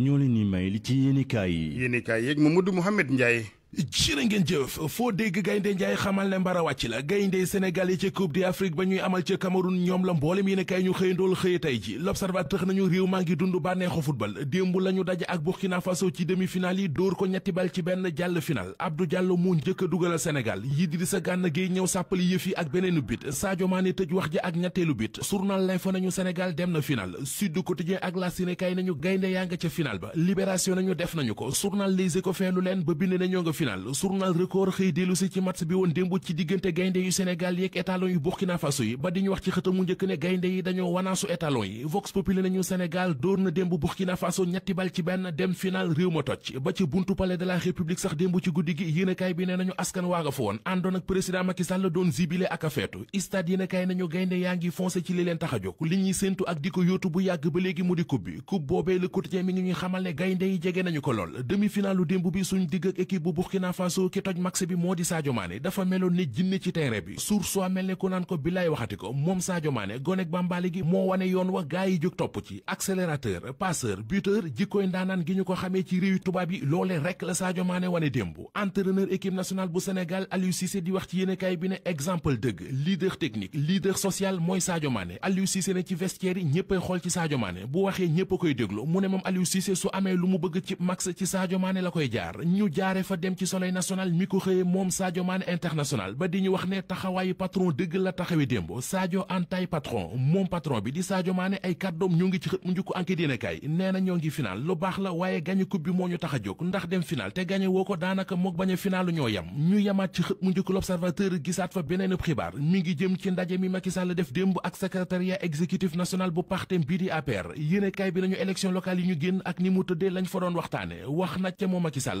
ñoo leen di may li ci yéenekaay yi. yéenekaay yeeg Mamadou Mouhamed Ndiaye. jërë ngeen jëf foo dégg gaynde njaay xamal ne mbara wàcc la gaynde sénégal yi ca coupe d'Afrique ba ñuy amal ca Cameroun ñoom la mboolem ne kay ñu xëy ndool xëy tey ji l'observateur nañu réew maa ngi dund bànneexu football démb la ñu daje ak Burkina Faso ci demi-finale yi dóor ko ñetti bal ci benn jàll final Abdou Diallo moo njëkk a di di Idrissa Gana Gueye ñëw sàppali yëf yi ak beneenu bit Sadio Mané tëj wax ji ak ñetteelu bit journal lay fa nañu sénégal dem na final Sud Quotidien ak la yaa nga ca final ba nañu def nañu ko journal Les Échos feelu leen ba bind na ñoo final journal record xëy dellu si ci match bi woon démb ci diggante gaynde yu Sénégal yeeg étalon yu Burkina Faso yi ba di ñu wax ci xëtamu njëkk ne gaynde yi dañoo wanaasu étalon yi Vox Populi nañu Sénégal dóor na démb Burkina Faso ñetti bal ci benn dem final réew ma toj ba ci buntu palais de la sax démb ci guddi gi yéenekaay bi ne nañu askan waa nga fa woon àndoon ak président Macky Sall doon zibile ak a feetu stade yéenekaay nañu gaynde Burkina Faso ki toj max bi moo di Sadio Mané dafa meloon ni jinne ci terrain bi suur soi mel ne ku naan ko bilaay waxati ko moom Sadio Mané gonek bàmbaali gi moo wane yoon wa gaa yi jóg topp ci accélérateur passeur buteur jikkooy ndaanaan gi ñu ko xamee ci réewi tubaab yi loole rek la Sadio Mané wane démb entraîneur équipe nationale bu Sénégal Aliou Cissé di wax ci yéenekaay bi ne exemple dëgg leader technique leader social mooy Sadio Mané Aliou Cissé ne ci vestiaire yi ñëpp ay xool ci Sadio Mané bu waxee ñëpp a déglu mu ne moom Aliou Cissé su amee lu mu bëgg ci max ci Sadio Mané la koy jaar ñu ci soleil national mi ko xëyee moom Sadio Mané international ba di ñu wax ne taxawaayu patron dëgg la taxawe démb Sadio en patron moom patron bi di Sadio Mané ay kàddoom ñu ngi ci xët mu njukko enquête yéen kay nee na ñoo ngi final lu baax la waaye gañe coupe bi moo ñu tax a jóg ndax dem final te gañe woo ko daanaka mook bañ a finaalu ñoo yem ñu yemaat ci xët mu njukko l'observateur gisaat fa beneen xibaar mi ngi jëm ci ndaje mi Macky Sall def d ak secrétariat exécutif national bu partem bii di APR bi nañu élection locale yi ñu génn ak ni mu tëddee lañ fa doon waxtaane wax na ca moom Macky Sall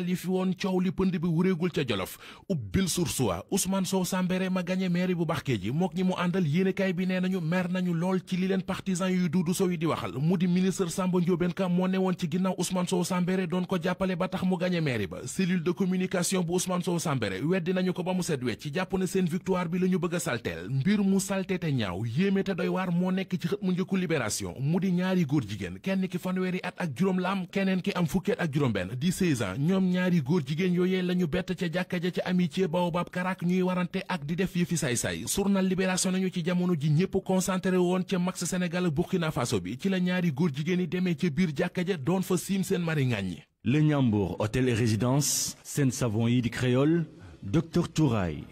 local yi fi woon coow li pënd bi wuréegul ca Jolof ubbil sursuwa Ousmane Sow Sambéré ma gañe mairie bu Baxkeji mook ñi mu àndal yéenekaay bi nee nañu mer nañu lool ci li leen partisan yu Doudou Sow yi di waxal mu di ministre Samba Ndiobène Ka moo ne woon ci ginnaaw Ousmane Sow Sambéré doon ko jàppale ba tax mu gañe mairie ba cellule de communication bu Ousmane Sow Sambéré weddi nañu ko ba mu set wecc jàpp ne seen victoire bi la ñu bëgg a salteel mbir mu salte te ñaaw yéeme moo nekk mu njëkku libération mu di ñaari góor jigéen kenn ki la am keneen ki am ñoom ñaari góor jigéen yooyee la ñu bett ca jàkka ja ca amitié baobab karak ñuy warante ak di def yëfi saay-saay journal libération nañu ci jamono ji ñépp concentré woon ca max sénégal burkina faso bi ci la ñaari góor jigéen yi demee ca biir jàkka ja doon fa siim seen mari ngàññi le ñambour hôtel et résidence seen savon yi di créole docteur Touraay